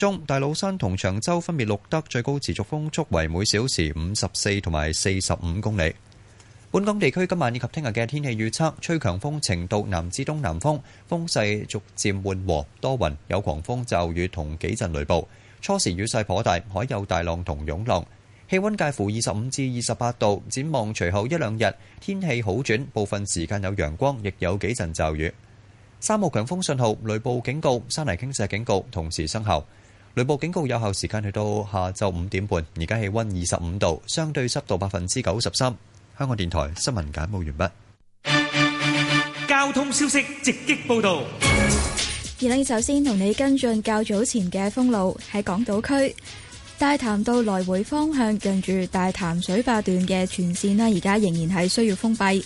中大老山同長洲分別錄得最高持續風速為每小時五十四同埋四十五公里。本港地區今晚以及聽日嘅天氣預測，吹強風，程度南至東南風，風勢逐漸緩和，多雲，有狂風驟雨同幾陣雷暴。初時雨勢頗大，海有大浪同湧浪。氣溫介乎二十五至二十八度。展望隨後一兩日天氣好轉，部分時間有陽光，亦有幾陣驟雨。三號強風信號、雷暴警告、山泥傾瀉警告同時生效。54 45 25至28雷暴警告有效時間去到下晝五點半。而家氣溫二十五度，相對濕度百分之九十三。香港電台新聞簡報完畢。交通消息直擊報道。而我哋首先同你跟進較早前嘅封路，喺港島區大潭道來回方向，近住大潭水壩段嘅全線呢，而家仍然係需要封閉。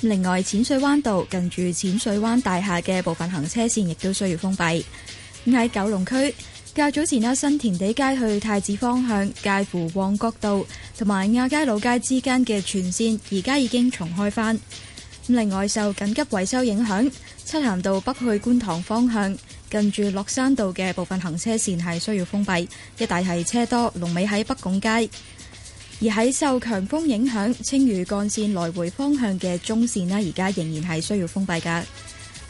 另外，淺水灣道近住淺水灣大廈嘅部分行車線亦都需要封閉。喺九龍區。較早前，新填地街去太子方向介乎旺角道同埋亞皆老街之間嘅全線，而家已經重開返。另外，受緊急維修影響，漆咸道北去觀塘方向近住落山道嘅部分行車線係需要封閉。一帶係車多，龍尾喺北拱街。而喺受強風影響，青嶼幹線來回方向嘅中線呢，而家仍然係需要封閉噶。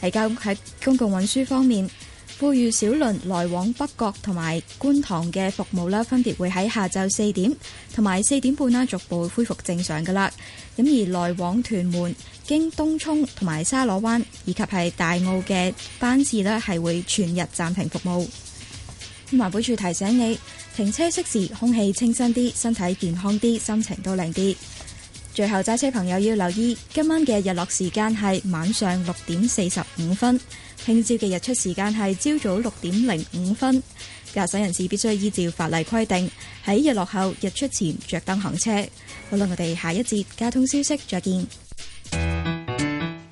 喺公喺公共運輸方面。富裕小輪來往北角同埋觀塘嘅服務呢，分別會喺下晝四點同埋四點半呢，逐步恢復正常噶啦。咁而來往屯門、經東涌同埋沙螺灣以及係大澳嘅班次呢，係會全日暫停服務。咁環保署提醒你，停車熄匙，空氣清新啲，身體健康啲，心情都靚啲。最後，揸車朋友要留意，今晚嘅日落時間係晚上六點四十五分，聽朝嘅日出時間係朝早六點零五分。駕駛人士必須依照法例規定，喺日落後日出前着燈行車。好啦，我哋下一節交通消息再見。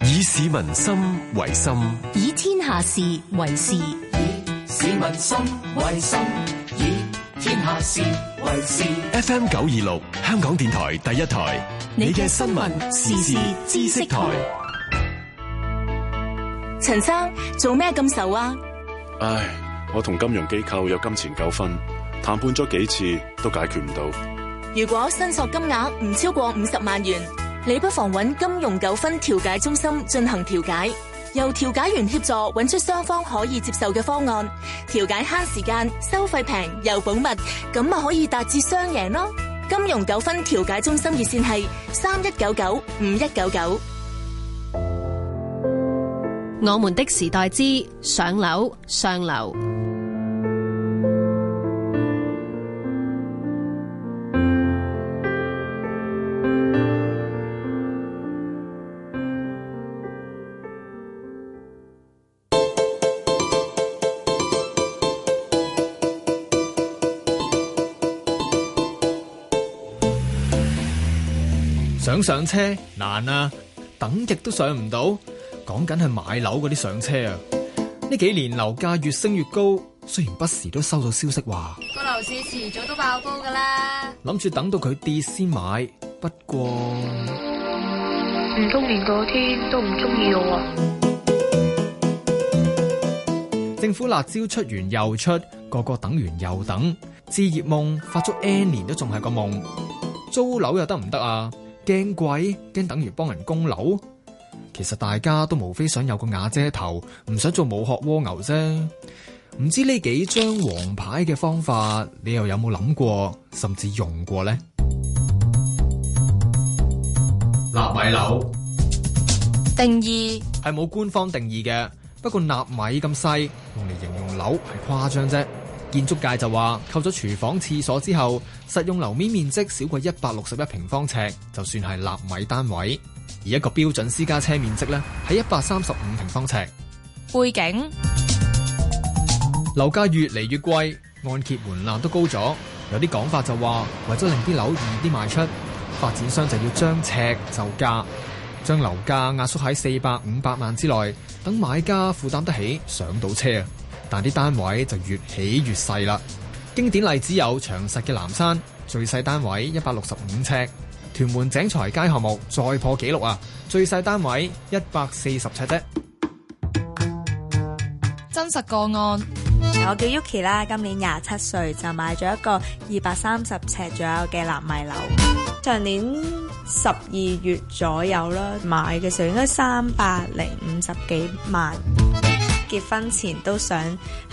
以市民心為心，以天下事為事，以市民心為心。F M 九二六香港電台第一台，你嘅新聞時事知識台。陳生做咩咁愁啊？唉，我同金融機構有金錢糾紛，談判咗幾次都解決唔到。如果申索金額唔超過五十萬元，你不妨揾金融糾紛調解中心進行調解。由調解員協助揾出雙方可以接受嘅方案，調解慳時間、收費平又保密，咁咪可以達至雙贏咯。金融糾紛調解中心熱線係三一九九五一九九。我們的時代之上樓，上流。上樓上車難難啊，等極都上唔到，講緊係買樓嗰啲上車啊。呢幾年樓價越升越高，雖然不時都收到消息話個樓市遲早都爆煲噶啦。諗住等到佢跌先買，不過唔通連嗰天都唔中意我啊？政府辣椒出完又出，個個等完又等，置業夢發足 n 年都仲係個夢。租樓又得唔得啊？驚貴，驚等於幫人供樓。其實大家都無非想有個瓦遮頭，唔想做無殼蝸牛啫。唔知呢幾張黃牌嘅方法，你又有冇諗過，甚至用過咧？納米樓定義係冇官方定義嘅，不過納米咁細，用嚟形容樓係誇張啫。建築界就話，扣咗廚房、廁所之後，實用樓面面積少過一百六十一平方尺，就算係納米單位。而一個標準私家車面積呢，喺一百三十五平方尺。背景樓價越嚟越貴，按揭門檻都高咗。有啲講法就話，為咗令啲樓易啲賣出，發展商就要將尺就價，將樓價壓縮喺四百五百萬之內，等買家負擔得起上到車。但啲單位就越起越細啦。經典例子有長實嘅南山，最細單位一百六十五尺，屯門井財街項目再破紀錄啊，最細單位一百四十尺啫。真實個案，我叫 Yuki 啦，今年廿七歲就買咗一個二百三十尺左右嘅納米樓，上年十二月左右啦，買嘅時候應該三百零五十幾萬。結婚前都想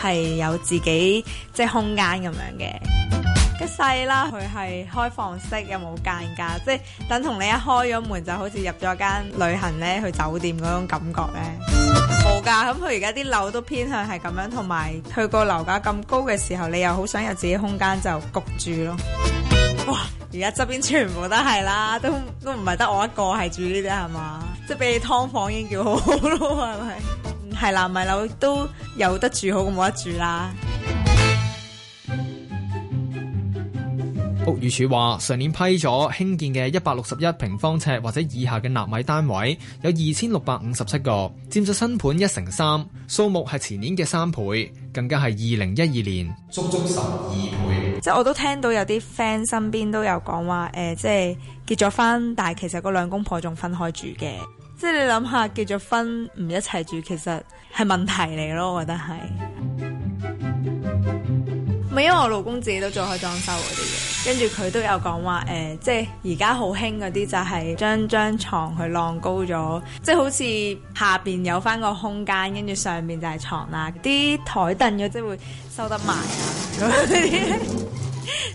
係有自己即係空間咁樣嘅，一世啦，佢係開放式又冇間隔，即係、就是、等同你一開咗門就好似入咗間旅行咧去酒店嗰種感覺咧，冇噶，咁佢而家啲樓都偏向係咁樣，同埋佢個樓價咁高嘅時候，你又好想有自己空間就焗住咯。哇！而家側邊全部都係啦，都都唔係得我一個係住呢啲係嘛？即係俾你劏房已經叫好好咯，係咪？係啦，納米樓都有得住好過冇得住啦。屋宇署話上年批咗興建嘅一百六十一平方尺或者以下嘅納米單位有二千六百五十七個，佔咗新盤一成三，數目係前年嘅三倍，更加係二零一二年足足十二倍。即係我都聽到有啲 friend 身邊都有講話，誒、呃，即係結咗婚，但係其實個兩公婆仲分開住嘅。即係你諗下，結咗婚唔一齊住，其實係問題嚟咯，我覺得係。咪 因為我老公自己都做開裝修嗰啲嘢，跟住佢都有講話誒，即係而家好興嗰啲就係將張床去晾高咗，即係好似下邊有翻個空間，跟住上面就係床啦。啲台凳即係會收得埋啊，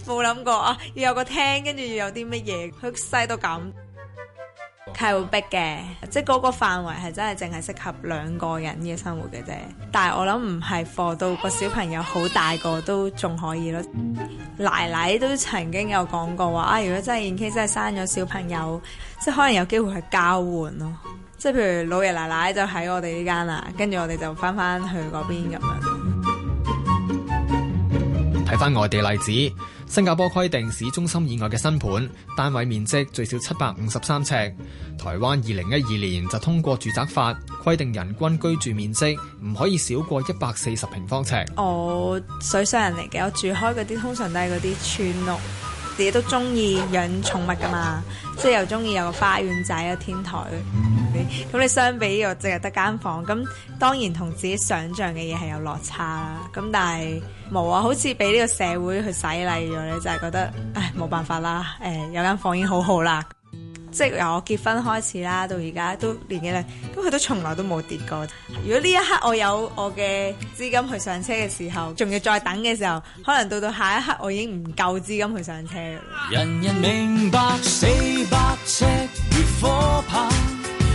冇諗 過啊，要有個廳，跟住要有啲乜嘢，佢細到咁。係會逼嘅，即係嗰個範圍係真係淨係適合兩個人嘅生活嘅啫。但係我諗唔係貨到個小朋友好大個都仲可以咯。奶奶都曾經有講過話啊，如果真係認親，真係生咗小朋友，即係可能有機會係交換咯。即係譬如老爺奶奶就喺我哋呢間啦，跟住我哋就翻翻去嗰邊咁樣。翻外地例子，新加坡規定市中心以外嘅新盤單位面積最少七百五十三尺。台灣二零一二年就通過住宅法，規定人均居住面積唔可以少過一百四十平方尺。我水上人嚟嘅，我住開嗰啲通常都係嗰啲村屋，自己都中意養寵物噶嘛，即係又中意有個花園仔、個天台。嗯咁你相比我淨係得間房，咁當然同自己想象嘅嘢係有落差啦。咁但係冇啊，好似俾呢個社會去洗禮咗，你就係覺得，唉，冇辦法啦。誒有間房已經好好啦，即係由我結婚開始啦，到而家都年紀大，咁佢都從來都冇跌過。如果呢一刻我有我嘅資金去上車嘅時候，仲要再等嘅時候，可能到到下一刻我已經唔夠資金去上車。人人明白四百尺。火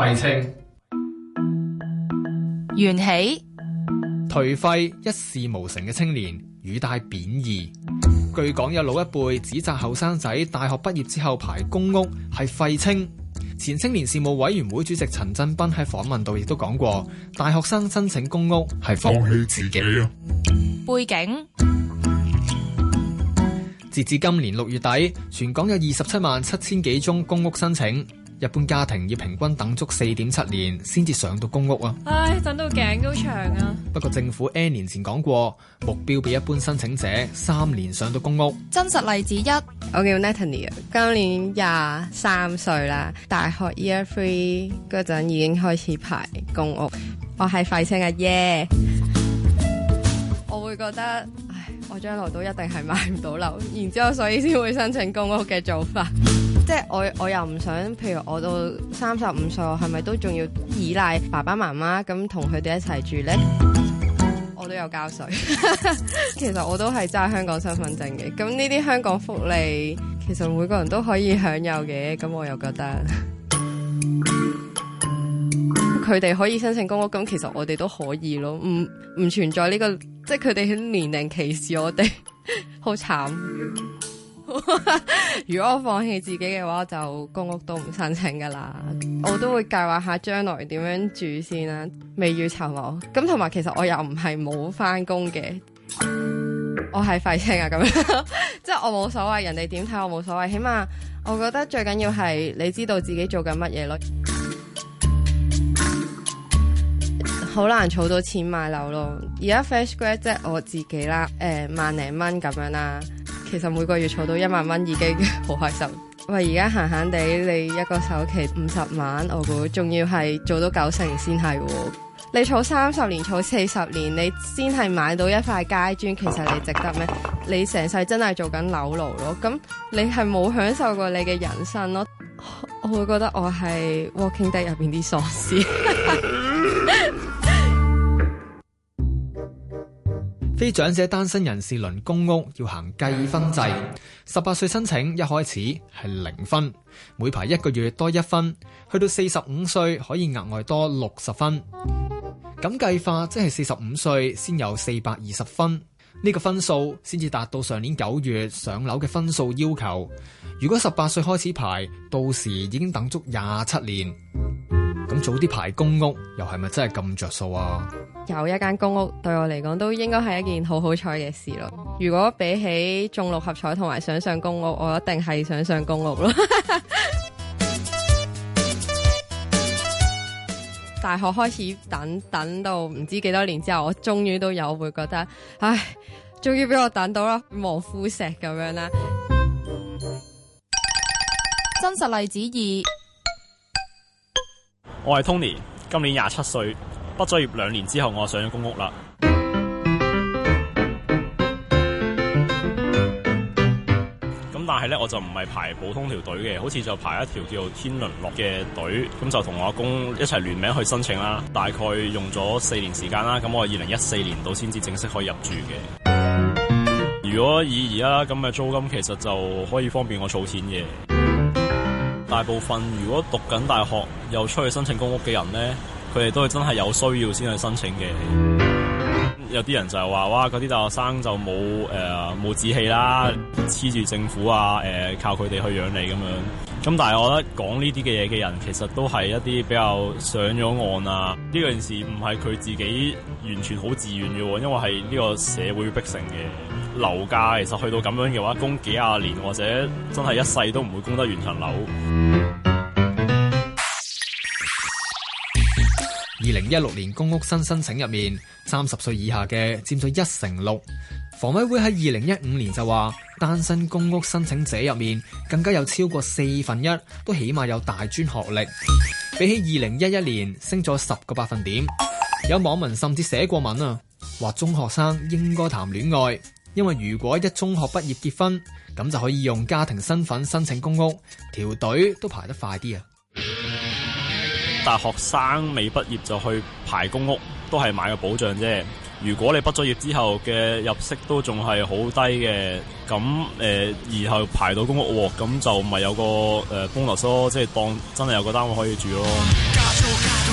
廢青，緣起頹廢一事無成嘅青年，語帶貶義。據講有老一輩指責後生仔大學畢業之後排公屋係廢青。前青年事務委員會主席陳振斌喺訪問度亦都講過，大學生申請公屋係放棄自己，放棄自己、啊、背景，截至今年六月底，全港有二十七萬七千幾宗公屋申請。一般家庭要平均等足四點七年先至上到公屋啊！唉，等到頸都長啊！不過政府 N 年前講過，目標畀一般申請者三年上到公屋。真實例子一，我叫 Natalie，今年廿三歲啦，大學 year three 嗰陣已經開始排公屋，我係廢青嘅耶！我會覺得，唉，我將來都一定係買唔到樓，然之後所以先會申請公屋嘅做法。即係我我又唔想，譬如我到三十五歲，我係咪都仲要依賴爸爸媽媽咁同佢哋一齊住呢？我都有交稅， 其實我都係揸香港身份證嘅。咁呢啲香港福利其實每個人都可以享有嘅。咁我又覺得，佢哋可以申請公屋，咁其實我哋都可以咯。唔唔存在呢個，即係佢哋年齡歧視我哋，好 慘。 如果我放棄自己嘅話，就公屋都唔申請噶啦。我都會計劃下將來點樣住先啦、啊。未雨綢繆，咁同埋其實我又唔係冇翻工嘅，我係廢青啊咁樣， 即係我冇所謂，人哋點睇我冇所謂。起碼我覺得最緊要係你知道自己做緊乜嘢咯。好難儲到錢買樓咯。而家 fresh grad 即係我自己啦，誒、呃、萬零蚊咁樣啦。其實每個月儲到一萬蚊已經好開心。喂，而家閒閒哋你一個首期五十萬，我估仲要係做到九成先係喎。你儲三十年，儲四十年，你先係買到一塊階磚，其實你值得咩？你成世真係做緊樓奴咯。咁你係冇享受過你嘅人生咯？我會覺得我係 Walking Dead 入邊啲喪屍。 非長者單身人士輪公屋要行計分制，十八歲申請一開始係零分，每排一個月多一分，去到四十五歲可以額外多六十分。咁計法即係四十五歲先有四百二十分呢個分數，先至達到上年九月上樓嘅分數要求。如果十八歲開始排，到時已經等足廿七年。咁早啲排公屋，又係咪真係咁着數啊？有一間公屋對我嚟講，都應該係一件好好彩嘅事咯。如果比起中六合彩同埋想上公屋，我一定係想上公屋咯。 大學開始等等到唔知幾多年之後，我終於都有會覺得，唉，終於俾我等到啦，望夫石咁樣啦。真實例子二。我係 Tony，今年廿七歲，畢咗業兩年之後，我上咗公屋啦。咁但係呢，我就唔係排普通條隊嘅，好似就排一條叫天倫樂嘅隊，咁就同我阿公一齊聯名去申請啦。大概用咗四年時間啦，咁我係二零一四年到先至正式可以入住嘅。如果以而家咁嘅租金，其實就可以方便我儲錢嘅。大部分如果讀緊大學又出去申請公屋嘅人呢，佢哋都係真係有需要先去申請嘅。有啲人就係話哇，嗰啲大學生就冇、呃、冇志氣啦，黐住政府啊、呃、靠佢哋去養你咁樣。咁但係我覺得講呢啲嘅嘢嘅人其實都係一啲比較上咗岸啊。呢樣事唔係佢自己完全好自願嘅喎，因為係呢個社會逼成嘅。樓價其實去到咁樣嘅話，供幾廿年或者真係一世都唔會供得完層樓。二零一六年公屋新申請入面，三十歲以下嘅佔咗一成六。房委會喺二零一五年就話，單身公屋申請者入面更加有超過四分一都起碼有大專學歷，比起二零一一年升咗十個百分點。有網民甚至寫過文啊，話中學生應該談戀愛。因為如果一中學畢業結婚，咁就可以用家庭身份申請公屋，條隊都排得快啲啊！大學生未畢業就去排公屋，都係買個保障啫。如果你畢咗業之後嘅入息都仲係好低嘅，咁誒、而、呃、後排到公屋，咁就咪有個誒，公樓咯，即係、就是、當真係有個單位可以住咯。家族家族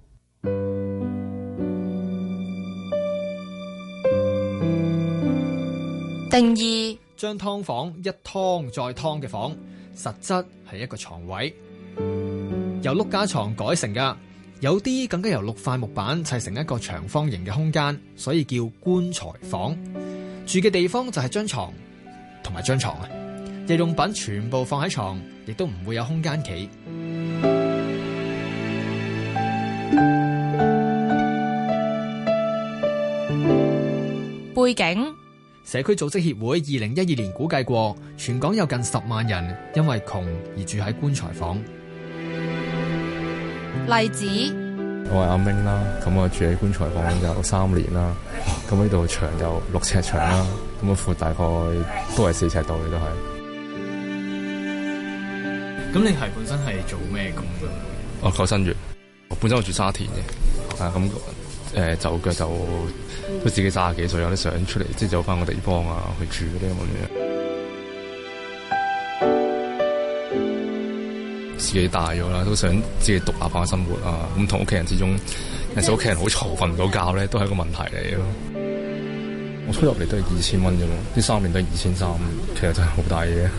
建議將劏房一劏再劏嘅房，實質係一個床位，由碌架床改成㗎。有啲更加由六塊木板砌成一個長方形嘅空間，所以叫棺材房。住嘅地方就係張床同埋張床啊，日用品全部放喺床，亦都唔會有空間企背景。社區組織協會二零一二年估計過，全港有近十萬人因為窮而住喺棺材房。例子，我係阿明啦，咁我住喺棺材房有三年啦，咁呢度長有六尺長啦，咁啊闊大概都係四尺度嘅都係。咁你係本身係做咩工嘅？我救生員，我本身我住沙田嘅，啊咁。誒、呃、走腳就都自己三十幾歲，有啲想出嚟，即係走翻個地方啊，去住嗰啲咁樣。 自己大咗啦，都想自己獨立返生活啊。咁同屋企人之中，其實屋企人好嘈，瞓唔到覺咧，都係一個問題嚟咯。 我出入嚟都係二千蚊啫嘛，啲三年都係二千三，其實真係好大嘅。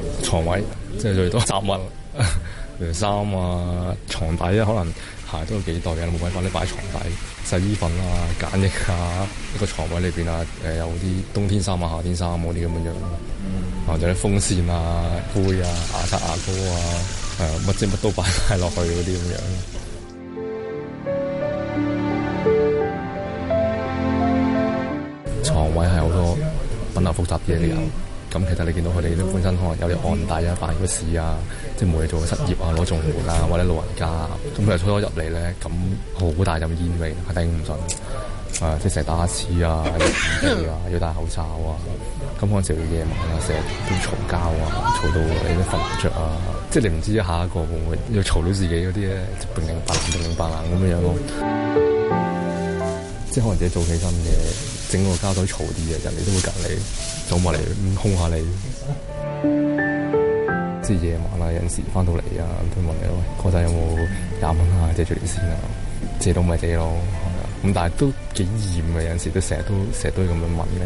床位。即係最多雜物，譬如衫啊、床底啊，可能鞋都有幾對嘅，冇辦法你擺床底。洗衣粉啊、梘液啊，一個床位裏邊啊，誒有啲冬天衫啊、夏天衫嗰啲咁樣。啊，或者啲風扇啊、杯啊、牙刷牙膏啊，係啊，乜嘢乜都擺晒落去嗰啲咁樣。床位係好多品流複雜嘢嘅人。咁其實你見到佢哋都本身可能有啲案底啊，辦嘅事啊，即係冇嘢做啊，失業啊，攞綜援啊，或者老人家啊，咁佢又初咗入嚟咧，咁好大陣煙味，係頂唔順，誒、啊，即係成日打乞嗤啊，要掩鼻啊，要戴、啊、口罩啊，咁嗰陣時夜晚啊，成日都嘈交啊，嘈到你都瞓唔着啊，即係你唔知下一個會唔會要嘈到自己嗰啲咧，零零八零零零八零咁樣咯、啊，即係可能自己做起身嘅。整個家隊嘈啲嘅，人哋都會隔離走埋嚟，空下你。 即係夜晚啊，有陣時翻到嚟啊，都問你喂，個仔有冇廿蚊啊？借住你先啊，借到咪借咯。咁但係都幾厭嘅，有陣時都成日都成日都咁樣問嘅。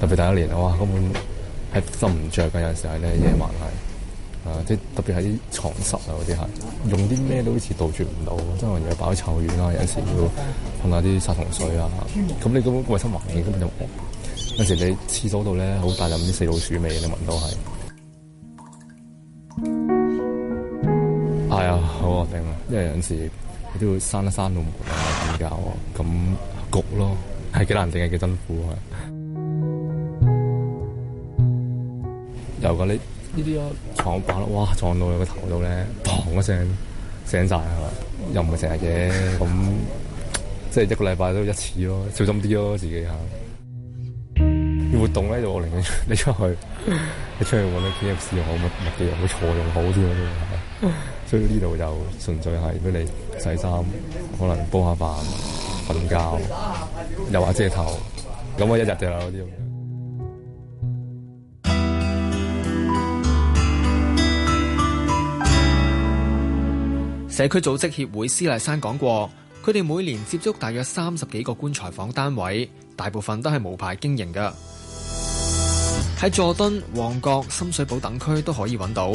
特別第一年啊，哇，根本係瞓唔着嘅，有陣時係咧夜晚係。即即特別係啲牀蝨啊，嗰啲係用啲咩都好似杜絕唔到，真係又要擺啲臭丸啦、啊，有陣時要噴下啲殺蟲水啊。咁、嗯啊、你都個衞生環境都唔錯。有時你廁所度咧，好大陣啲死老鼠味，你聞到係、嗯。哎啊，好惡頂啊！因為有陣時你都要閂一閂道門，瞓覺啊，咁焗咯，係幾難頂嘅，幾辛苦嘅。有個 l 呢啲啊，床板咯，哇撞到你個頭度咧，砰一聲醒晒係嘛，又唔係成日嘅，咁即係一個禮拜都一次咯，小心啲咯自己吓。要活動咧就我寧願你出去，你出去搵啲 K F C 又好，物物嘅好錯用好啲咯。所以呢度就純粹係俾你洗衫，可能煲下飯、瞓覺、有瓦遮頭，咁我一日就嗰啲咁。社區組織協會施麗珊講過，佢哋每年接觸大約三十幾個棺材房單位，大部分都係無牌經營嘅。喺佐敦、旺角、深水埗等區都可以揾到。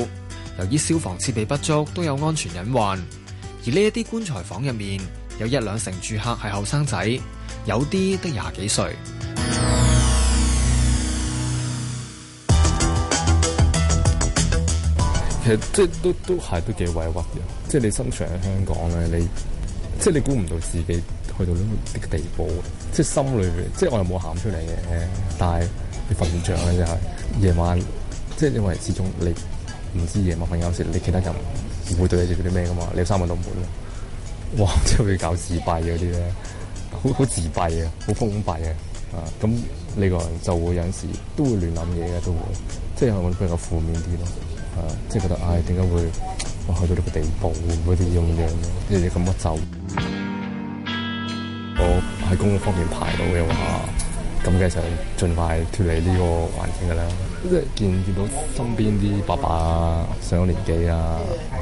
由於消防設備不足，都有安全隱患。而呢一啲棺材房入面，有一兩成住客係後生仔，有啲得廿幾歲。其實即係都都係都幾委屈嘅，即係你生存喺香港咧，你即係你估唔到自己去到呢個地步，即係心裏面，即係我又冇喊出嚟嘅，但係你瞓唔着咧就係夜晚，即係因為始終你唔知夜晚瞓友有時你其他人唔會對你做啲咩㗎嘛，你有三個人唔會咯，哇！即係會搞自閉嗰啲咧，好好自閉啊，好封閉啊，啊！咁你個人就會有時都會亂諗嘢嘅，都會即係可能比較負面啲咯。啊、即係覺得，唉、哎，點解會哇、啊、去到呢個地步，唔嗰啲咁樣嘅，日日咁屈就。我喺公屋方面排到嘅話，咁嘅時候盡快脫離呢個環境㗎啦。即係見見到身邊啲爸爸啊，上咗年紀啊，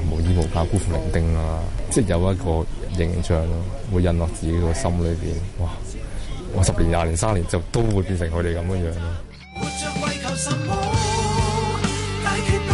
無依無靠、孤苦伶仃啊，即係有一個形象咯、啊，會印落自己個心裏邊。哇！我十年、廿年、三年就都會變成佢哋咁樣樣、啊。活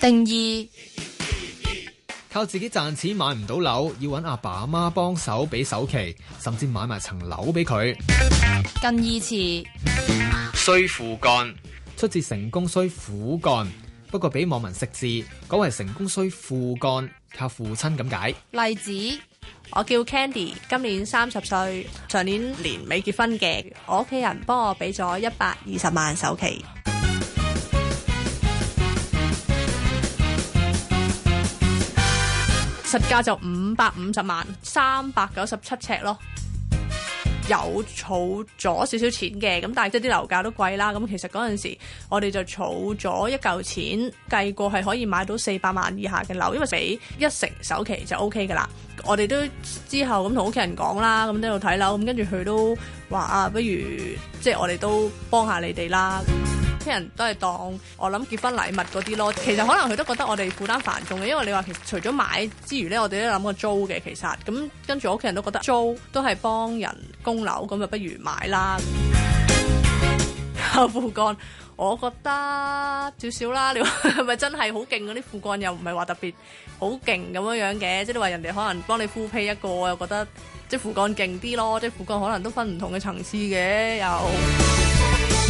定義，靠自己賺錢買唔到樓，要揾阿爸阿媽幫手俾首期，甚至買埋層樓俾佢。近義詞。需父幹，出自成功需苦幹，不過俾網民食字，改為成功需父幹，靠父親咁解。例子：我叫 Candy，今年三十歲，上年年尾結婚嘅，我屋企人幫我俾咗一百二十萬首期。實價就五百五十萬，三百九十七尺咯。有儲咗少少錢嘅咁，但係即係啲樓價都貴啦。咁其實嗰陣時，我哋就儲咗一嚿錢，計過係可以買到四百萬以下嘅樓，因為俾一成首期就 OK 㗎喇。我哋都之後咁同屋企人講啦，咁喺度睇樓，咁跟住佢都話啊，不如即係我哋都幫下你哋啦。屋企人都係當我諗結婚禮物嗰啲咯，其實可能佢都覺得我哋負擔繁重嘅，因為你話其實除咗買之餘咧，我哋都諗過租嘅，其實咁跟住屋企人都覺得租都係幫人供樓，咁就不如買啦。父幹， 我覺得少少啦，你話係咪真係好勁嗰啲父幹又唔係話特別好勁咁樣樣嘅，即係話人哋可能幫你 full pay 一個，我又覺得即係父幹勁啲咯，即係父幹可能都分唔同嘅層次嘅又。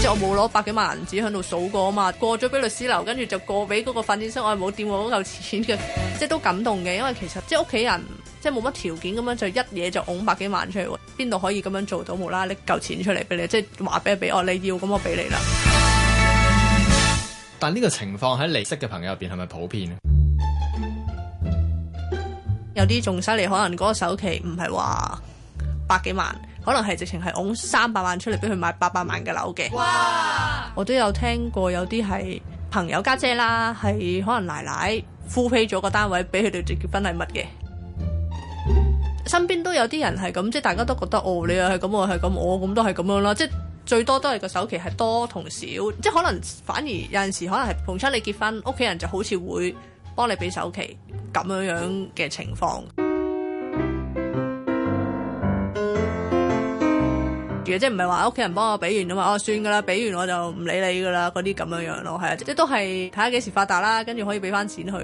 即我冇攞百幾萬銀紙喺度數過啊嘛，過咗俾律師樓，跟住就過俾嗰個發展商，我係冇掂嗰嚿錢嘅，即係都感動嘅，因為其實即係屋企人即係冇乜條件咁樣就一嘢就拱百幾萬出嚟喎，邊度可以咁樣做到冇啦啦搦嚿錢出嚟俾你？即係話俾俾我，你要咁我俾你啦。但呢個情況喺利息嘅朋友入邊係咪普遍？有啲仲犀利，可能嗰個首期唔係話百幾萬。可能係直情係攞三百萬出嚟俾佢買八百萬嘅樓嘅，哇，我都有聽過有啲係朋友家姐啦，係可能奶奶夫妻咗個單位俾佢哋結結婚禮物嘅。身邊都有啲人係咁，即係大家都覺得哦，你又係咁，我係咁，我咁都係咁樣啦。即係最多都係個首期係多同少，即係可能反而有陣時可能係逢親你結婚，屋企人就好似會幫你俾首期咁樣樣嘅情況。嘅即係唔係話屋企人幫我俾完啊嘛哦算噶啦俾完我就唔理你噶啦嗰啲咁樣樣咯係啊即都係睇下幾時發達啦跟住可以俾翻錢佢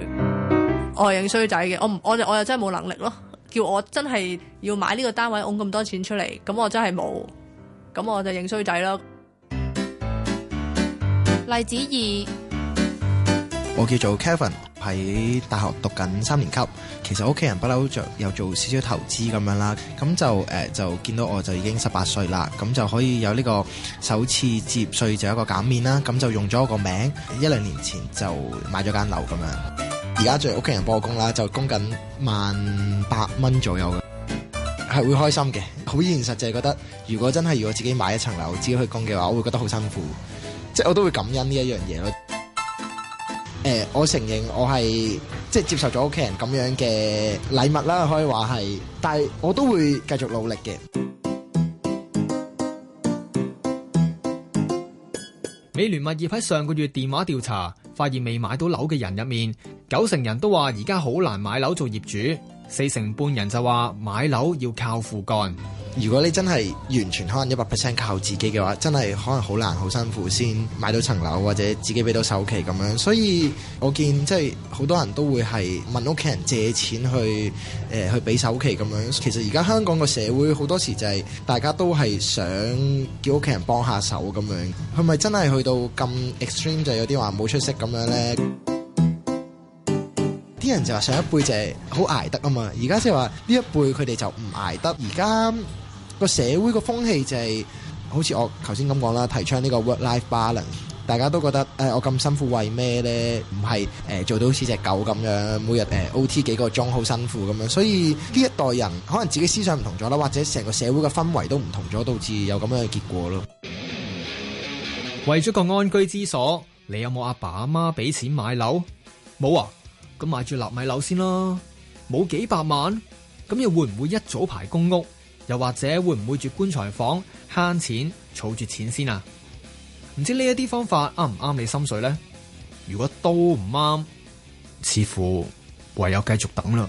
我係認衰仔嘅我我我又真係冇能力咯叫我真係要買呢個單位拱咁多錢出嚟咁我真係冇咁我就認衰仔咯例子二我叫做 Kevin。喺大學讀緊三年級，其實屋企人不嬲，着又做少少投資咁樣啦。咁就誒、呃，就見到我就已經十八歲啦。咁就可以有呢個首次接稅就一個減免啦。咁就用咗我個名，一兩年前就買咗間樓咁樣。而家就屋企人幫我供啦，就供緊萬八蚊左右嘅，係會開心嘅。好現實就係覺得，如果真係要我自己買一層樓自己去供嘅話，我會覺得好辛苦。即係我都會感恩呢一樣嘢咯。誒，我承認我係即係接受咗屋企人咁樣嘅禮物啦，可以話係，但係我都會繼續努力嘅。美聯物業喺上個月電話調查，發現未買到樓嘅人入面，九成人都話而家好難買樓做業主。四成半人就話買樓要靠父幹。如果你真係完全可能一百 percent 靠自己嘅話，真係可能好難好辛苦先買到層樓，或者自己俾到首期咁樣。所以我見即係好多人都會係問屋企人借錢去誒、呃、去俾首期咁樣。其實而家香港個社會好多時候就係、是、大家都係想叫屋企人幫下手咁樣。係咪真係去到咁 extreme 就有啲話冇出息咁樣呢？啲人就話上一輩就係好捱得啊嘛，而家即係話呢一輩佢哋就唔捱得。而家個社會個風氣就係好似我頭先咁講啦，提倡呢個 work-life balance，大家都覺得誒，我咁辛苦為咩咧？唔係誒，做到好似隻狗咁樣，每日誒 OT 幾個鐘好辛苦咁樣。所以呢一代人可能自己思想唔同咗啦，或者成個社會嘅氛圍都唔同咗，導致有咁樣嘅結果咯。為咗個安居之所，你有冇阿爸阿媽俾錢買樓？冇啊。咁買住納米樓先啦，冇幾百萬，咁又會唔會一早排公屋？又或者會唔會住棺材房慳錢，儲住錢先啊？唔知呢一啲方法啱唔啱你心水咧？如果都唔啱，似乎唯有繼續等啦。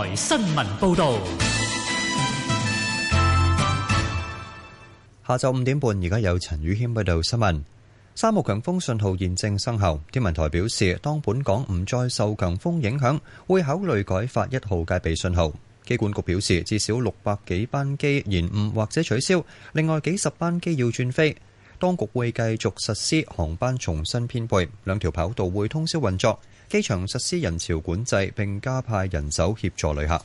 台新聞報道。下晝五點半，而家有陳宇謙報道新聞。三號強風信號現正生效，天文台表示，當本港唔再受強風影響，會考慮改發一號戒備信號。機管局表示，至少六百幾班機延誤或者取消，另外幾十班機要轉飛。當局會繼續實施航班重新編配，兩條跑道會通宵運作。機場實施人潮管制，並加派人手協助旅客。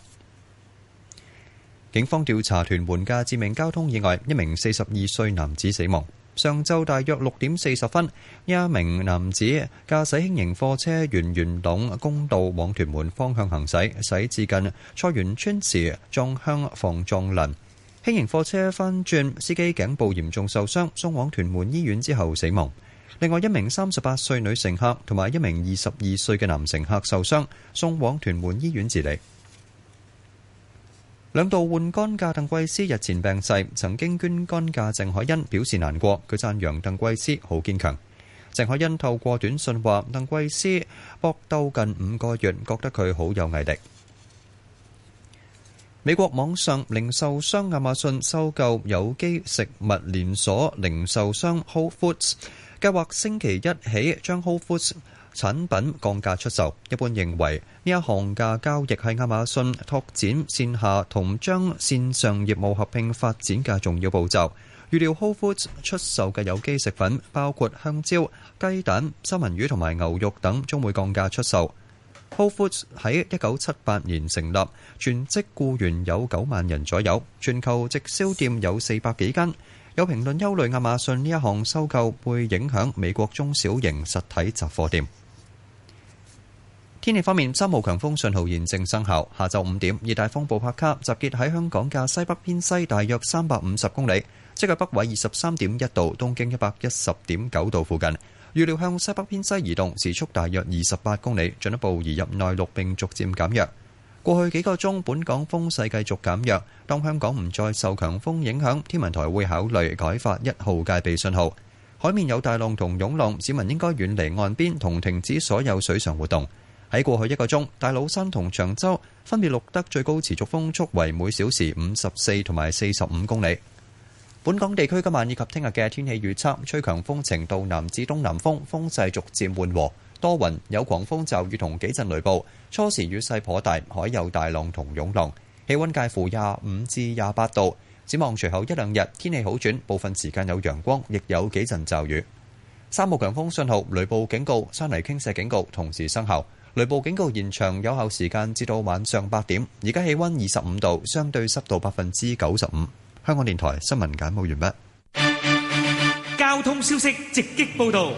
警方調查屯門嘅致命交通意外，一名四十二歲男子死亡。上晝大約六點四十分，一名男子駕駛輕型貨車沿元朗公路往屯門方向行駛，駛至近菜園村時撞向防撞欄，輕型貨車翻轉，司機頸部嚴重受傷，送往屯門醫院之後死亡。另外一名三十八歲女乘客同埋一名二十二歲嘅男乘客受傷，送往屯門醫院治理。兩度換肝嘅鄧桂思日前病逝，曾經捐肝嘅鄭海欣表示難過。佢贊揚鄧桂思好堅強。鄭海欣透過短信話：鄧桂思搏鬥近五個月，覺得佢好有毅力。美國網上零售商亞馬遜收購有機食物連鎖零售商 Whole Foods。計劃星期一起將 Whole Foods 產品降價出售。一般認為呢一項嘅交易係亞馬遜拓展線下同將線上業務合併發展嘅重要步驟。預料 Whole Foods 出售嘅有機食品，包括香蕉、雞蛋、三文魚同埋牛肉等，將會降價出售。Whole Foods 喺一九七八年成立，全職僱員有九萬人左右，全球直銷店有四百幾間。有評論憂慮亞馬遜呢一項收購會影響美國中小型實體雜貨店。天氣方面，三號強風信號現正生效。下晝五點，熱帶風暴帕卡集結喺香港嘅西北偏西大約三百五十公里，即係北緯二十三點一度，東經一百一十點九度附近。預料向西北偏西移動，時速大約二十八公里，進一步移入內陸並逐漸減弱。過去幾個鐘本港風勢繼續減弱，當香港唔再受強風影響，天文台會考慮改發一號戒備信號。海面有大浪同湧浪，市民應該遠離岸邊同停止所有水上活動。喺過去一個鐘大老山，同長洲分別錄得最高持續風速為每小時54同埋45多雲，有狂風驟雨同幾陣雷暴，初時雨勢頗大，海有大浪同湧浪。氣溫介乎廿五至廿八度。展望隨後一兩日天氣好轉，部分時間有陽光，亦有幾陣驟雨。三號強風信號、雷暴警告、山泥傾瀉警告同時生效。雷暴警告延長有效時間至到晚上八點。而家氣溫二十五度，相對濕度百分之九十五。香港電台新聞簡報完畢。交通消息直擊報道。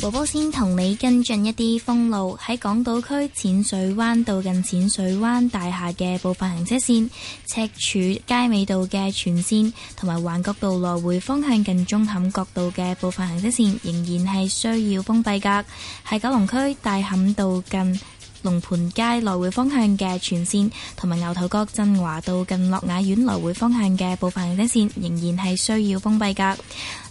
寶寶先同你跟進一啲封路。喺港島區淺水灣道近淺水灣大廈嘅部分行車線、赤柱街尾道嘅全線，同埋環角道來回方向近中坎角道嘅部分行車線，仍然係需要封閉噶。喺九龍區大磡道近龍盤街來回方向嘅全線，同埋牛頭角振華道近樂雅苑來回方向嘅部分行車線，仍然係需要封閉噶。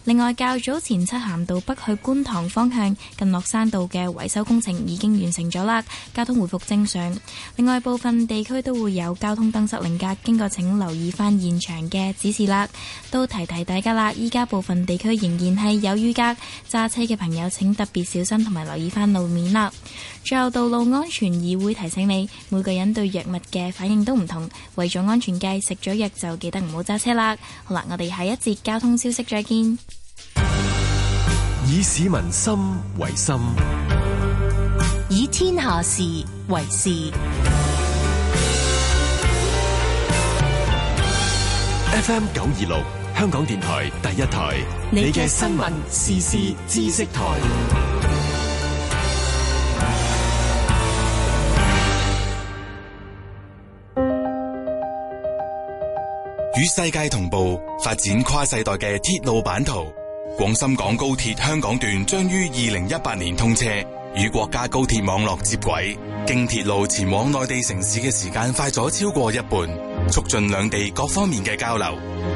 另外，較早前漆咸道北去觀塘方向近落山道嘅維修工程已經完成咗啦，交通回復正常。另外，部分地區都會有交通燈失靈格，經過請留意翻現場嘅指示啦。都提提大家啦，依家部分地區仍然係有雨格，揸車嘅朋友請特別小心同埋留意翻路面啦。最後，道路安全議會提醒你，每個人對藥物嘅反應都唔同，為咗安全計，食咗藥就記得唔好揸車啦。好啦，我哋下一節交通消息再見。以市民心為心，以天下事為事。FM 九二六，香港電台第一台，你嘅新聞時事知識台，與世界同步發展跨世代嘅鐵路版圖。廣深港高鐵香港段將於二零一八年通車，與國家高鐵網絡接軌，經鐵路前往內地城市嘅時間快咗超過一半，促進兩地各方面嘅交流，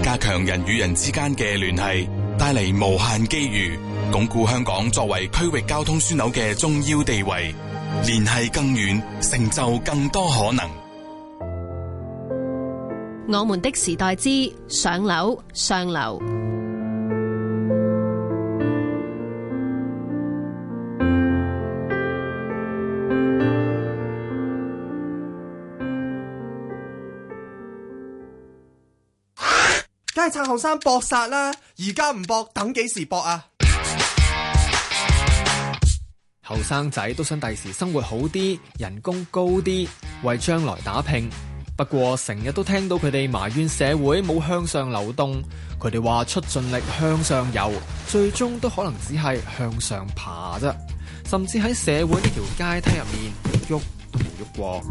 加強人與人之間嘅聯繫，帶嚟無限機遇，鞏固香港作為區域交通樞紐嘅重要地位，聯繫更遠，成就更多可能。我們的時代之上樓，上流。上係趁後生搏殺啦，而家唔搏，等幾時搏啊？後生仔都想第時生活好啲，人工高啲，為將來打拼。不過成日都聽到佢哋埋怨社會冇向上流動，佢哋話出盡力向上游，最終都可能只係向上爬啫。甚至喺社會呢條階梯入面，喐都唔喐過。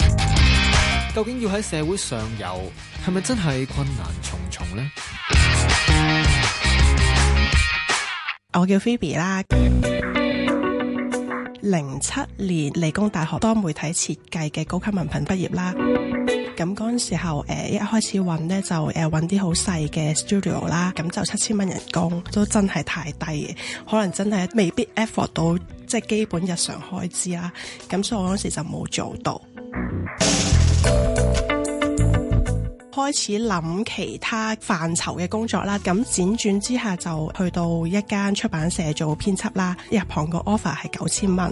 究竟要喺社會上游，係咪真係困難重重呢？我叫 Phoebe 啦，零七年理工大學多媒體設計嘅高級文憑畢業啦。咁嗰陣時候，誒，一開始揾呢就誒揾啲好細嘅 studio 啦，咁就七千蚊人工，都真係太低，可能真係未必 effort 到，即係、就是、基本日常開支啦。咁所以我嗰時就冇做到。開始諗其他範疇嘅工作啦，咁輾轉之下就去到一間出版社做編輯啦。入行個 offer 係九千蚊，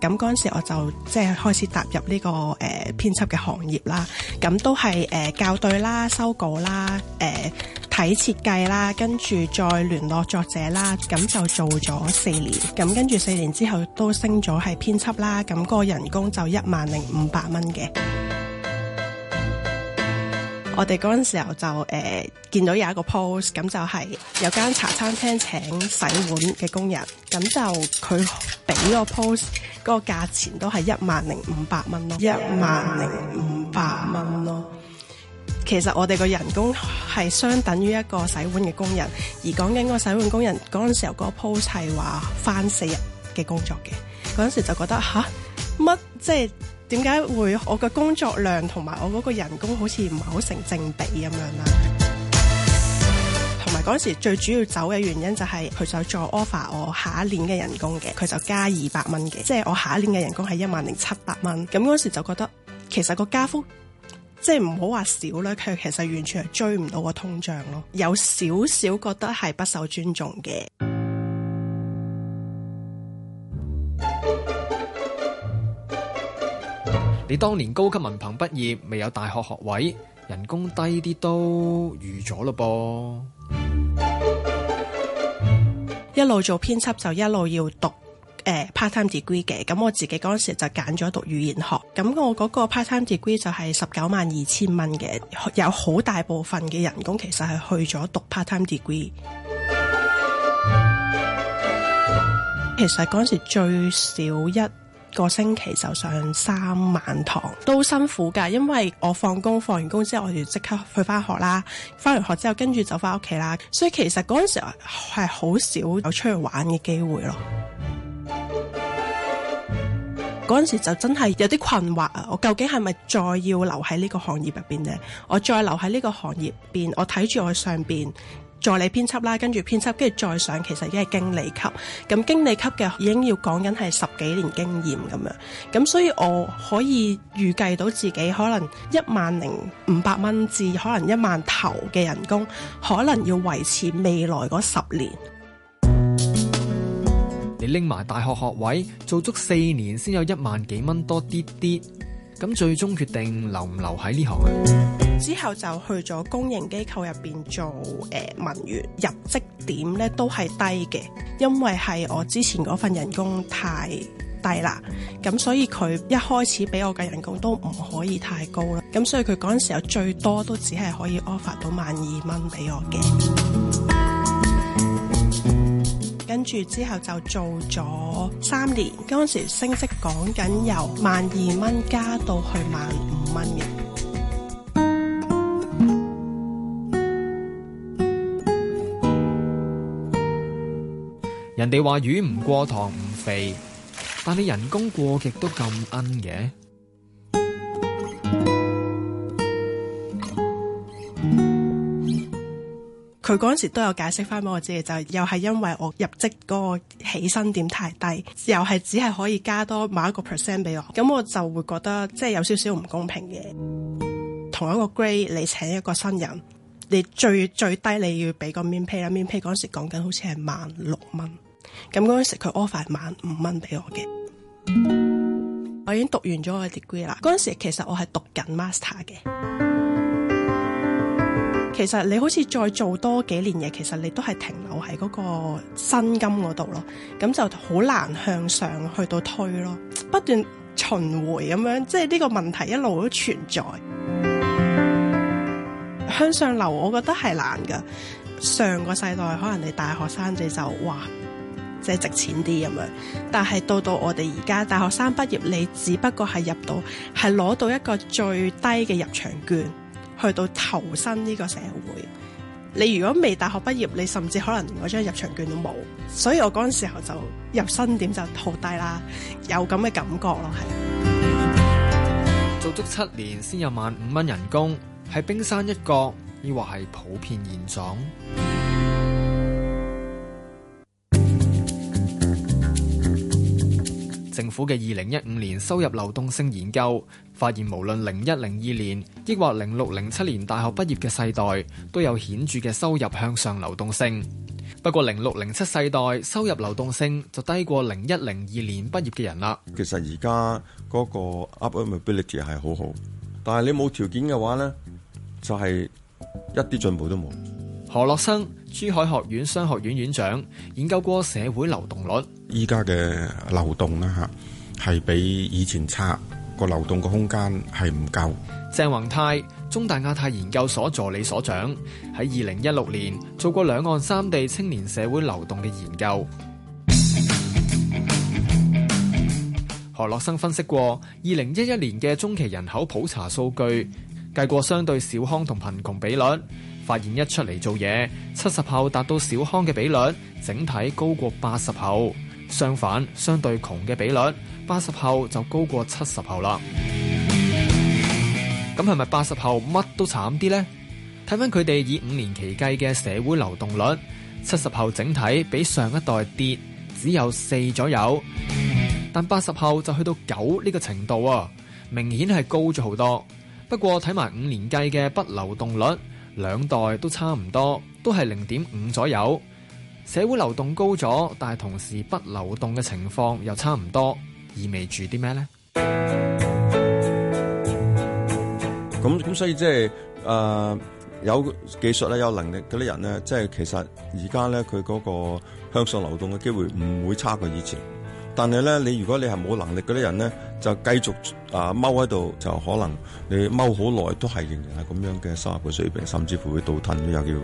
咁嗰陣時我就即係開始踏入呢個誒、呃、編輯嘅行業啦。咁都係誒校對啦、修、呃、稿啦、誒、呃、睇設計啦，跟住再聯絡作者啦。咁就做咗四年，咁跟住四年之後都升咗係編輯啦。咁嗰個人工就一萬零五百蚊嘅。我哋嗰陣時候就誒、呃、見到有一個 post，咁就係有間茶餐廳請洗碗嘅工人，咁就佢俾個 post 嗰個價錢都係一萬零五百蚊咯，一萬零五百蚊咯。其實我哋嘅人工係相等於一個洗碗嘅工人，而講緊嗰個洗碗工人嗰陣時候嗰個 post 係話返四日嘅工作嘅，嗰陣時候就覺得吓？乜即係。點解會我嘅工作量同埋我嗰個人工好似唔係好成正比咁樣啦？同埋嗰陣時最主要走嘅原因就係佢就再 offer 我下一年嘅人工嘅，佢就加二百蚊嘅，即係我下一年嘅人工係一萬零七百蚊。咁嗰陣時就覺得其實個加幅即係唔好話少啦，佢其實完全係追唔到個通脹咯，有少少覺得係不受尊重嘅。你當年高級文憑畢業，未有大學學位，人工低啲都預咗嘞噃。一路做編輯就一路要讀誒、呃、part time degree 嘅，咁我自己嗰時就揀咗讀語言學。咁我嗰個 part time degree 就係十九萬二千蚊嘅，有好大部分嘅人工其實係去咗讀 part time degree。其實嗰 時最少一。個星期就上三晚堂，都辛苦噶。因為我放工，放完工之後，我就即刻去翻學啦。翻完學之後，跟住就翻屋企啦。所以其實嗰陣時係好少有出去玩嘅機會咯。嗰陣 時候就真係有啲困惑啊。我究竟係咪再要留喺呢個行業入邊呢？我再留喺呢個行業邊，我睇住我上邊。助理編輯啦，跟住編輯，跟住再上，其實已經係經理級。咁經理級嘅已經要講緊係十幾年經驗咁樣。咁所以我可以預計到自己可能一萬零五百蚊至可能一萬頭嘅人工，可能要維持未來嗰十年。你拎埋大學學位，做足四年先有一萬幾蚊多啲啲。咁最終決定留唔留喺呢行啊？之後就去咗公營機構入邊做誒文員，入職點咧都係低嘅，因為係我之前嗰份人工太低啦。咁所以佢一開始俾我嘅人工都唔可以太高啦。咁所以佢嗰陣時候最多都只係可以 offer 到萬二蚊俾我嘅。跟住之後就做咗三年，嗰陣時升息講緊由萬二蚊加到去萬五蚊嘅。人哋話魚唔過塘唔肥，但你人工過極都咁奀嘅。佢嗰陣時都有解釋翻俾我知嘅，就又係因為我入職嗰個起薪點太低，又係只係可以加多某一個 percent 俾我，咁我就會覺得即係有少少唔公平嘅。同一個 grade 你請一個新人，你最最低你要俾個面 pay 啦，面 pay 嗰陣時講緊好似係萬六蚊，咁嗰陣時佢 offer 萬五蚊俾我嘅。我已經讀完咗我嘅 degree 啦，嗰陣時其實我係讀緊 master 嘅。其實你好似再做多幾年嘢，其實你都係停留喺嗰個薪金嗰度咯，咁就好難向上去到推咯，不斷循回咁樣，即係呢個問題一路都存在。向上流，我覺得係難㗎。上個世代可能你大學生就就哇，即係值錢啲咁樣，但係到到我哋而家大學生畢業，你只不過係入到係攞到一個最低嘅入場券。去到投身呢個社會，你如果未大學畢業，你甚至可能連嗰張入場券都冇，所以我嗰陣時候就入新點就好低啦，有咁嘅感覺咯，係。做足七年先有萬五蚊人工，係冰山一角，抑或係普遍現狀。政府嘅二零一五年收入流動性研究發現，無論零一零二年，抑或零六零七年大學畢業嘅世代，都有顯著嘅收入向上流動性。不過零六零七世代收入流動性就低過零一零二年畢業嘅人啦。其實而家嗰個 upward mobility 係好好，但係你冇條件嘅話咧，就係一啲進步都冇。何樂生。珠海學院商學院院長研究過社會流動率，依家嘅流動啦吓係比以前差，個流動嘅空間係唔夠。鄭宏泰，中大亞太研究所助理所長喺二零一六年做過兩岸三地青年社會流動嘅研究。何樂生分析過二零一一年嘅中期人口普查數據，計過相對小康同貧窮比率。發現一出嚟做嘢，七十後達到小康嘅比率整體高過八十後。相反，相對窮嘅比率，八十後就高過七十後啦。咁係咪八十後乜都慘啲呢？睇返佢哋以五年期計嘅社會流動率，七十後整體比上一代跌只有四左右，但八十後就去到九呢個程度啊，明顯係高咗好多。不過睇埋五年計嘅不流動率。兩代都差唔多，都係零點五左右。社會流動高咗，但係同時不流動嘅情況又差唔多，意味住啲咩咧？咁咁所以即係誒有技術咧、有能力嗰啲人咧，即係其實而家咧佢嗰個向上流動嘅機會唔會差過以前。但係咧，你如果你係冇能力嗰啲人咧，就繼續啊踎喺度，就可能你踎好耐都係仍然係咁樣嘅收入水平，甚至乎會倒褪都有機會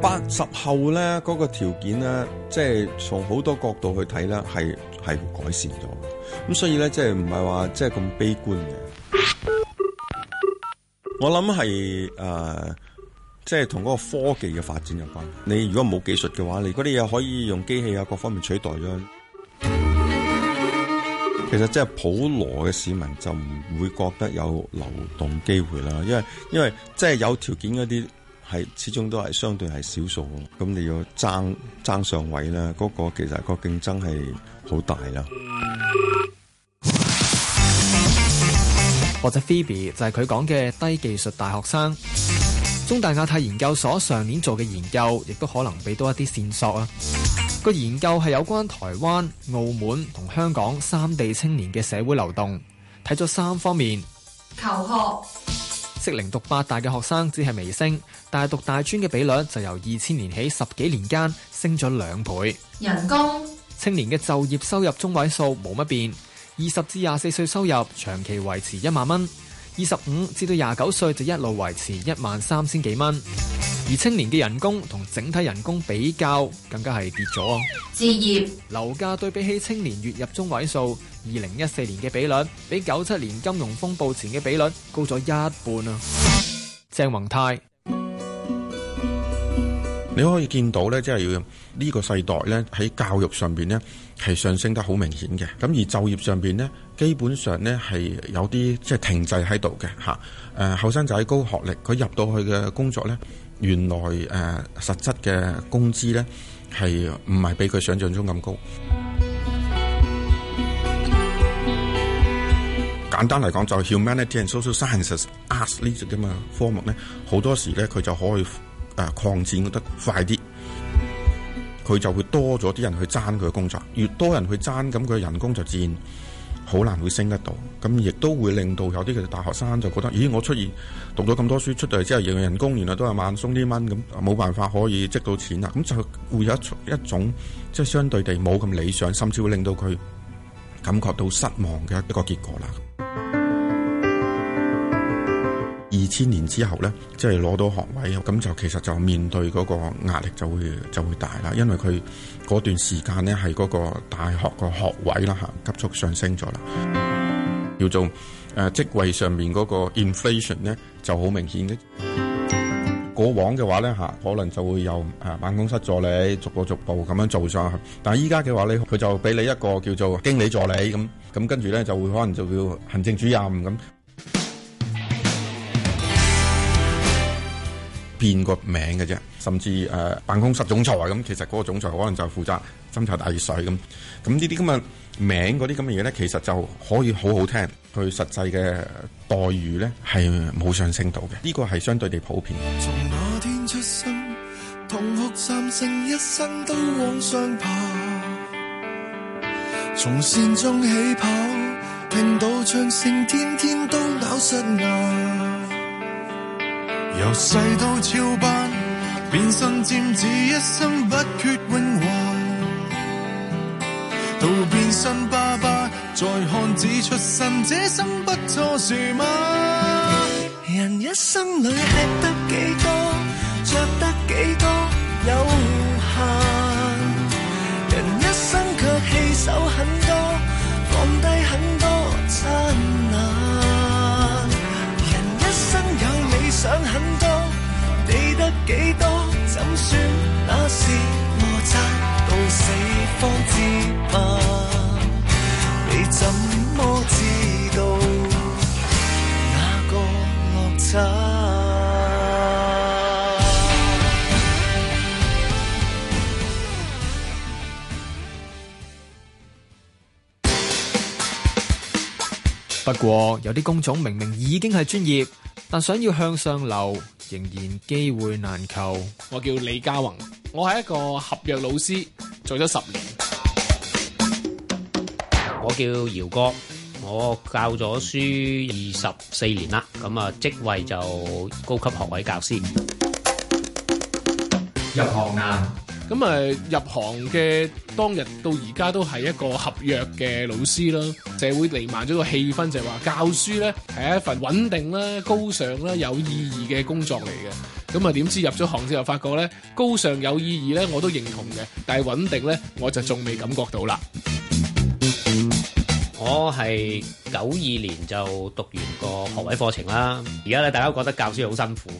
80。八十後咧嗰個條件咧，即係從好多角度去睇咧，係係改善咗。咁所以咧，即係唔係話即係咁悲觀嘅。我諗係誒，即係同嗰個科技嘅發展有關。你如果冇技術嘅話，你嗰啲又可以用機器啊，各方面取代咗。其實即係普羅嘅市民就唔會覺得有流動機會啦，因為因為即係有條件嗰啲係始終都係相對係少數，咁你要爭爭上位咧，嗰個其實個競爭係好大啦。或者 Phoebe 就係佢講嘅低技術大學生。中大亞太研究所上年做嘅研究，亦都可能俾多一啲線索啊！個研究係有關台灣、澳門同香港三地青年嘅社會流動，睇咗三方面。求學、適齡讀八大嘅學生只係微升，但係讀大專嘅比率就由二千年起十幾年間升咗兩倍。人工青年嘅就業收入中位數冇乜變，二十至廿四歲收入長期維持一萬蚊。二十五至到廿九歲就一路維持一萬三千幾蚊，而青年嘅人工同整體人工比較，更加係跌咗啊！置業樓價對比起青年月入中位數，二零一四年嘅比率，比九七年金融風暴前嘅比率高咗一半啊！鄭宏泰，你可以見到咧，即係要呢個世代咧喺教育上邊咧係上升得好明顯嘅，咁而就業上邊咧。基本上咧係有啲即係停滯喺度嘅嚇，誒後生仔高學歷，佢入到去嘅工作咧，原來、啊、實質嘅工資咧係唔係比佢想象中咁高？ 簡單嚟講，就 humanity and social sciences Arts 呢啲咁嘅科目咧，好多時咧佢就可以、啊、擴展得快啲，佢就會多咗啲人去爭佢嘅工作，越多人去爭，咁佢嘅人工就自然，好難會升得到，咁亦都會令到有啲嘅大學生就覺得，咦！我出現讀咗咁多書出嚟之後，人工原來都係萬鬆啲蚊咁，冇辦法可以積到錢啦。咁就會有一一種即係、就是、相對地冇咁理想，甚至會令到佢感覺到失望嘅一個結果啦。二千年之後咧，即係攞到學位，咁就其實就面對嗰個壓力就會就會大啦，因為佢。嗰段時間咧，係嗰個大學個學位啦嚇，急速上升咗啦。叫做誒、呃、職位上面嗰個 inflation 咧，就好明顯嘅。過往嘅話咧嚇，可能就會有誒、啊、辦公室助理，逐步逐步咁樣做上去。但係依家嘅話咧，佢就俾你一個叫做經理助理咁，咁跟住咧就會可能就叫行政主任咁。變個名嘅啫，甚至誒、呃、辦公室總裁咁，其實嗰個總裁可能就負責斟茶遞水咁。咁呢啲咁嘅名嗰啲咁嘅嘢咧，其實就可以好好聽，佢實際嘅待遇咧係冇上升到嘅。呢個係相對地普遍的。從那天出生，同學三成一生都往上爬；從善中起跑，聽到唱由細到超班，變身尖子，一生不缺榮華。到變身爸爸，再看仔出身，這生不錯是嗎？人一生裏吃得幾多，着得幾多有無限。人一生卻棄手很多，放低很多。想很多，記得幾多？怎算那是摩擦？到死方知嗎？你怎麼知道那個落差？不過有啲工種明明已經係專業，但想要向上流，仍然機會難求。我叫李嘉宏，我係一個合約老師，做咗十年。我叫姚哥，我教咗書二十四年啦，咁啊職位就高級學位教師，入行啊。咁啊，入行嘅當日到而家都係一個合約嘅老師啦，社會瀰漫咗個氣氛就係話教書呢係一份穩定啦、高尚啦、有意義嘅工作嚟嘅。咁啊，點知入咗行之後發覺呢，高尚有意義呢我都認同嘅，但係穩定呢我就仲未感覺到啦。我係九二年就讀完個學位課程啦，而家咧大家覺得教書好辛苦，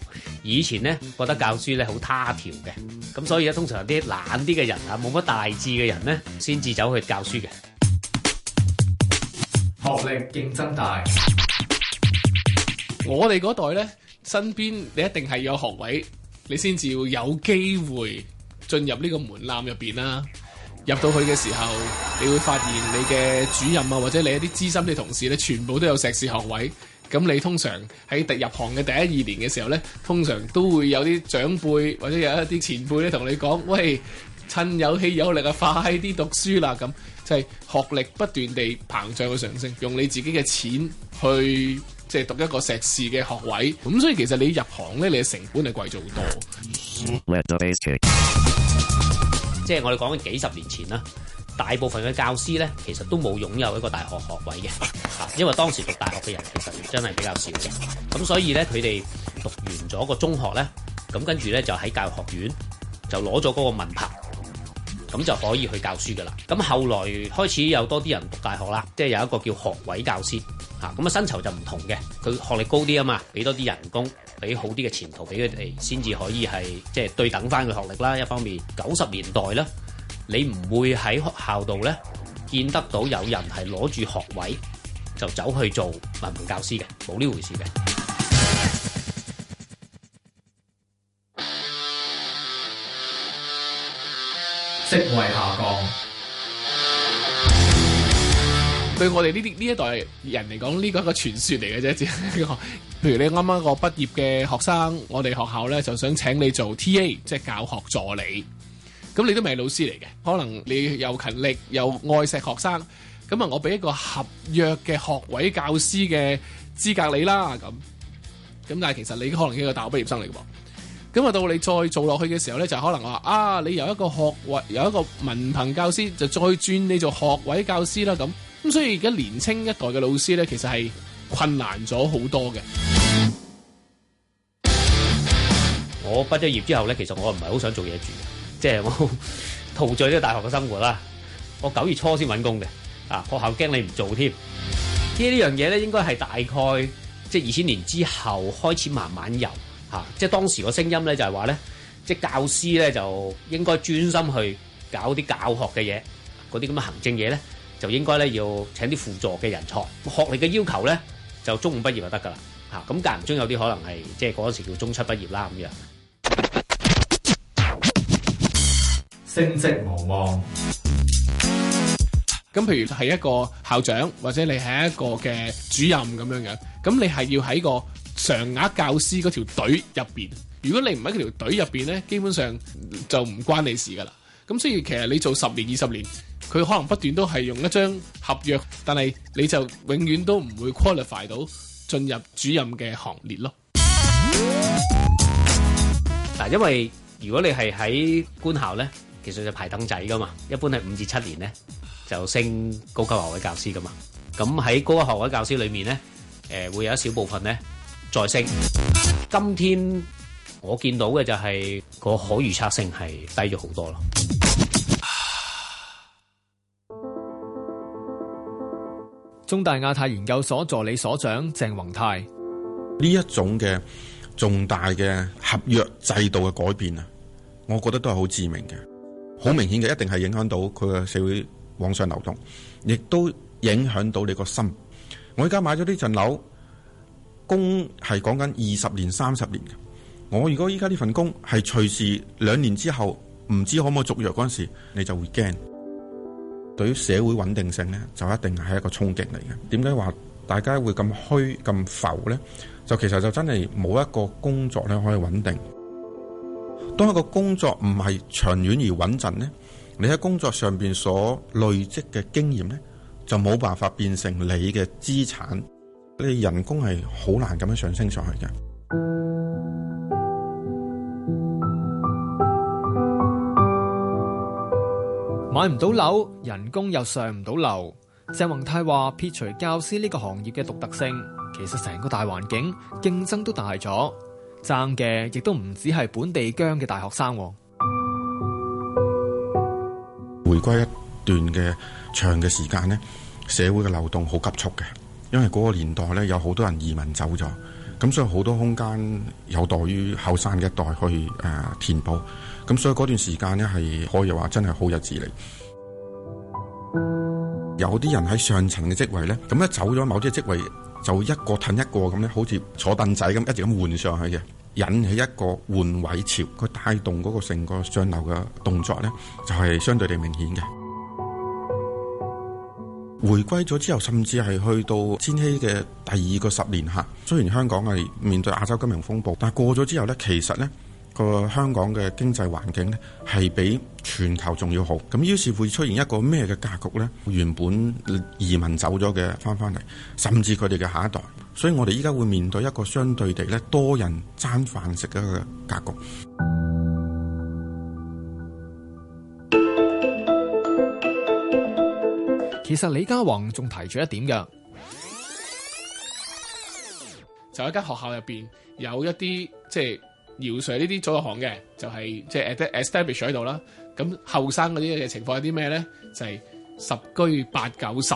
以前呢覺得教書咧好他條嘅，咁所以咧通常啲懶啲嘅人啊，冇乜大志嘅人呢，先至走去教書嘅。學歷競爭大，我哋嗰代呢，身邊你一定係有學位，你先至有機會進入呢個門檻入邊啦。入到去嘅時候，你會發現你嘅主任啊，或者你一啲資深嘅同事呢，全部都有碩士學位。咁你通常喺入行嘅第一二年嘅時候呢，通常都會有啲長輩或者有一啲前輩咧同你講：「喂，趁有氣有力啊，快啲讀書啦！咁就係學歷不斷地膨脹嘅上升，用你自己嘅錢去即係、就是、讀一個碩士嘅學位。咁所以其實你入行呢，你嘅成本係貴咗好多。 即係我哋講緊幾十年前啦，大部分嘅教師呢，其實都冇擁有，有一個大學學位嘅，因為當時讀大學嘅人其實真係比較少嘅，咁所以呢，佢哋讀完咗個中學呢，咁跟住呢就喺教育學院就攞咗嗰個文憑，咁就可以去教書噶啦。咁後來開始有多啲人讀大學啦，即係有一個叫學位教師。吓咁啊，薪酬就唔同嘅，佢學歷高啲啊嘛，俾多啲人工，俾好啲嘅前途俾佢哋，先至可以係即係對等返佢學歷啦。一方面，九十年代咧，你唔會喺學校度咧見得到有人係攞住學位就走去做文憑教師嘅，冇呢回事嘅。職位下降。對我哋呢啲呢一代人嚟講，呢個係個傳說嚟嘅啫。譬如你啱啱個畢業嘅學生，我哋學校咧就想請你做 T.A.，即係教學助理。咁你都未係老師嚟嘅，可能你又勤力又愛錫學生。咁啊，我俾一個合約嘅學位教師嘅資格你啦。咁咁，但係其實你可能係一個大學畢業生嚟嘅。咁啊，到你再做落去嘅時候咧，就可能話啊，你由一個學位由一個文憑教師就再轉你做學位教師啦。咁。咁所以而家年青一代嘅老師咧，其實係困難咗好多嘅。我畢咗業之後咧，其實我唔係好想做嘢住，即係我陶醉呢個大學嘅生活啦。我九月初先揾工嘅，啊學校驚你唔做添。呢呢樣嘢咧，應該係大概即係二千年之後開始慢慢有吓，即係當時個聲音咧就係話咧，即係教師咧就應該專心去搞啲教學嘅嘢，嗰啲咁嘅行政嘢咧。就應該咧，要請啲輔助嘅人才，學歷嘅要求咧，就中五畢業就得噶啦。嚇，咁間唔中有啲可能係即係嗰陣時叫中七畢業啦咁樣。升職無望。咁譬如係一個校長，或者你係一個嘅主任咁樣樣，咁你係要喺個常額教師嗰條隊入面。如果你唔喺嗰條隊入面咧，基本上就唔關你事噶啦。咁所以其實你做十年二十年，佢可能不斷都係用一張合約，但係你就永遠都唔會 qualify 到進入主任嘅行列咯。嗱，因為如果你係喺官校咧，其實就排等仔噶嘛，一般係五至七年咧就升高級學位教師噶嘛。咁喺高級學位教師裏面咧，誒、呃、會有一小部分咧再升。今天我見到嘅就係、個可預測性係低咗好多咯。中大亞太研究所助理所長鄭宏泰。呢一種嘅重大嘅合約制度嘅改變啊，我覺得都係好致命嘅、好明顯嘅，一定係影響到佢嘅社會往上流動，亦都影響到你個心。我而家買咗呢層樓，供係講緊二十年，三十年嘅。我如果依家呢份工係隨時兩年之後唔知可唔可以續約嗰陣時，你就會驚。對於社會穩定性呢，就一定係一個衝擊嚟嘅。點解話大家會咁虛咁浮呢？就其實就真係冇一個工作咧可以穩定。當一個工作唔係長遠而穩陣呢，你喺工作上邊所累積嘅經驗呢，就冇辦法變成你嘅資產。你人工係好難咁樣上升上去嘅。買唔到樓，人工又上唔到樓。鄭宏泰話：撇除教師呢個行業嘅獨特性，其實成個大環境競爭都大咗，爭嘅亦都唔止係本地姜嘅大學生。回歸一段嘅長嘅時間呢，社會嘅流動好急速嘅，因為嗰個年代咧有好多人移民走咗。咁所以好多空間有待於後生嘅一代去誒、呃、填補。咁所以嗰段時間咧係可以話真係好日子嚟。有啲人喺上層嘅職位咧，咁一走咗某啲職位，就一個褪一個咁咧，好似坐凳仔咁，一直咁換上去嘅，引起一個換位潮，佢帶動嗰個成個上流嘅動作咧，就係、是、相對地明顯嘅。回歸咗之後，甚至係去到千禧嘅第二個十年吓。雖然香港係面對亞洲金融風暴，但係過咗之後呢，其實呢個香港嘅經濟環境呢係比全球仲要好。咁於是會出現一個咩嘅格局呢？原本移民走咗嘅，返返嚟，甚至佢哋嘅下一代。所以我哋依家會面對一個相對地呢多人爭飯食嘅一個格局。其實李嘉宏仲提出一點㗎，就喺間學校入邊有一啲即係姚 sir 呢啲左右行嘅，就係即係 establish 喺度啦。咁後生嗰啲嘅情況有啲咩咧？就係、是、十居八九十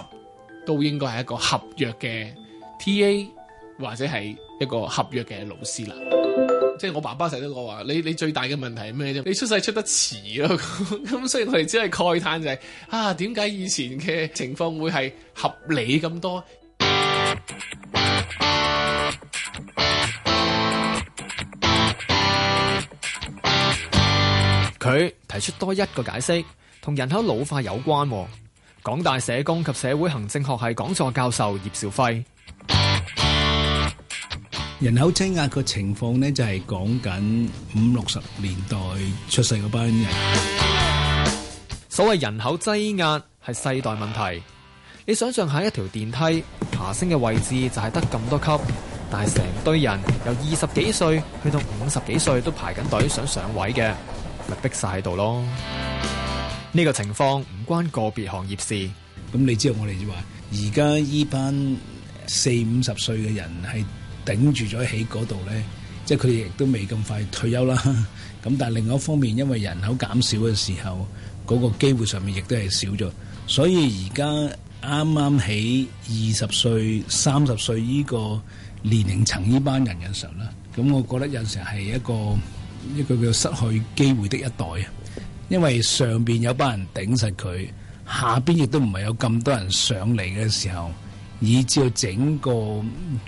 都應該係一個合約嘅 TA 或者係一個合約嘅老師啦。即係我爸爸成日都講話，你你最大嘅問題係咩啫？你出世出得遲咯，咁 所以我哋只係慨嘆就係、是、啊，點解以前嘅情況會係合理咁多？佢提出多一個解釋，同人口老化有關喎、啊。港大社工及社會行政學系講座教授葉兆輝。人口擠壓嘅情況呢，就係講緊五六十年代出世嗰班人。所謂人口擠壓係世代問題。你想象下，一條電梯爬升嘅位置就係得咁多級，但係成堆人由二十幾歲去到五十幾歲都排緊隊想上位嘅，咪逼晒喺度咯。呢個情況唔關個別行業事。咁你知道我哋話而家呢班四五十歲嘅人係。頂住咗喺嗰度呢，即係佢哋亦都未咁快退休啦。咁但係另外一方面，因為人口減少嘅時候，嗰個機會上面亦都係少咗。所以而家啱啱喺二十歲、三十歲呢個年齡層呢班人嘅時候啦，咁我覺得有時候係一個一個叫失去機會的一代啊。因為上邊有一班人頂實佢，下邊亦都唔係有咁多人上嚟嘅時候。以至到整個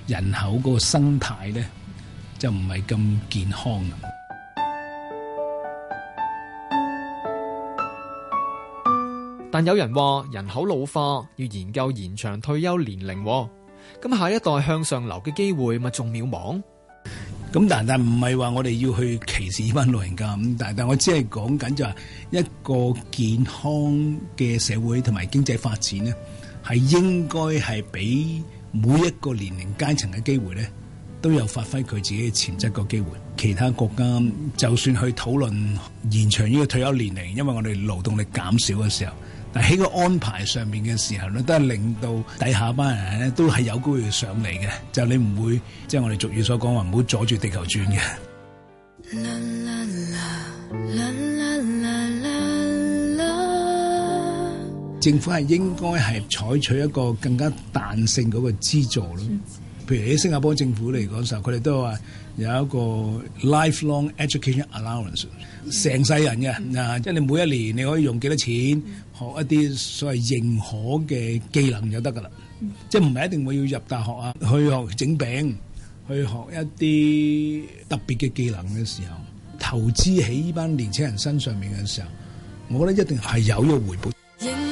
人口嗰個生態咧，就唔係咁健康啦。但有人話人口老化要研究延長退休年齡，咁下一代向上流嘅機會咪仲渺茫？咁但但唔係話我哋要去歧視呢班老人家咁，但但我只係講緊就係一個健康嘅社會同埋經濟發展咧。係應該係俾每一個年齡階層嘅機會咧，都有發揮佢自己嘅潛質個機會。其他國家就算去討論延長呢個退休年齡，因為我哋勞動力減少嘅時候，但喺個安排上面嘅時候咧，都係令到底下班人咧都係有機會上嚟嘅。就你唔會即係、就係、我哋俗語所講話唔好阻住地球轉嘅。 政府係應該係採取一個更加彈性嗰個資助咯，譬如喺新加坡政府嚟講嘅時候，佢哋都話有一個 Lifelong Education Allowance，成、嗯、世人嘅，啊、嗯，即係你每一年你可以用幾多錢、嗯、學一啲所謂認可嘅技能就得㗎啦，即係唔係一定會要入大學啊，去學整餅，去學一啲特別嘅技能嘅時候，投資喺呢班年青人身上面嘅時候，我覺得一定係有一個回報。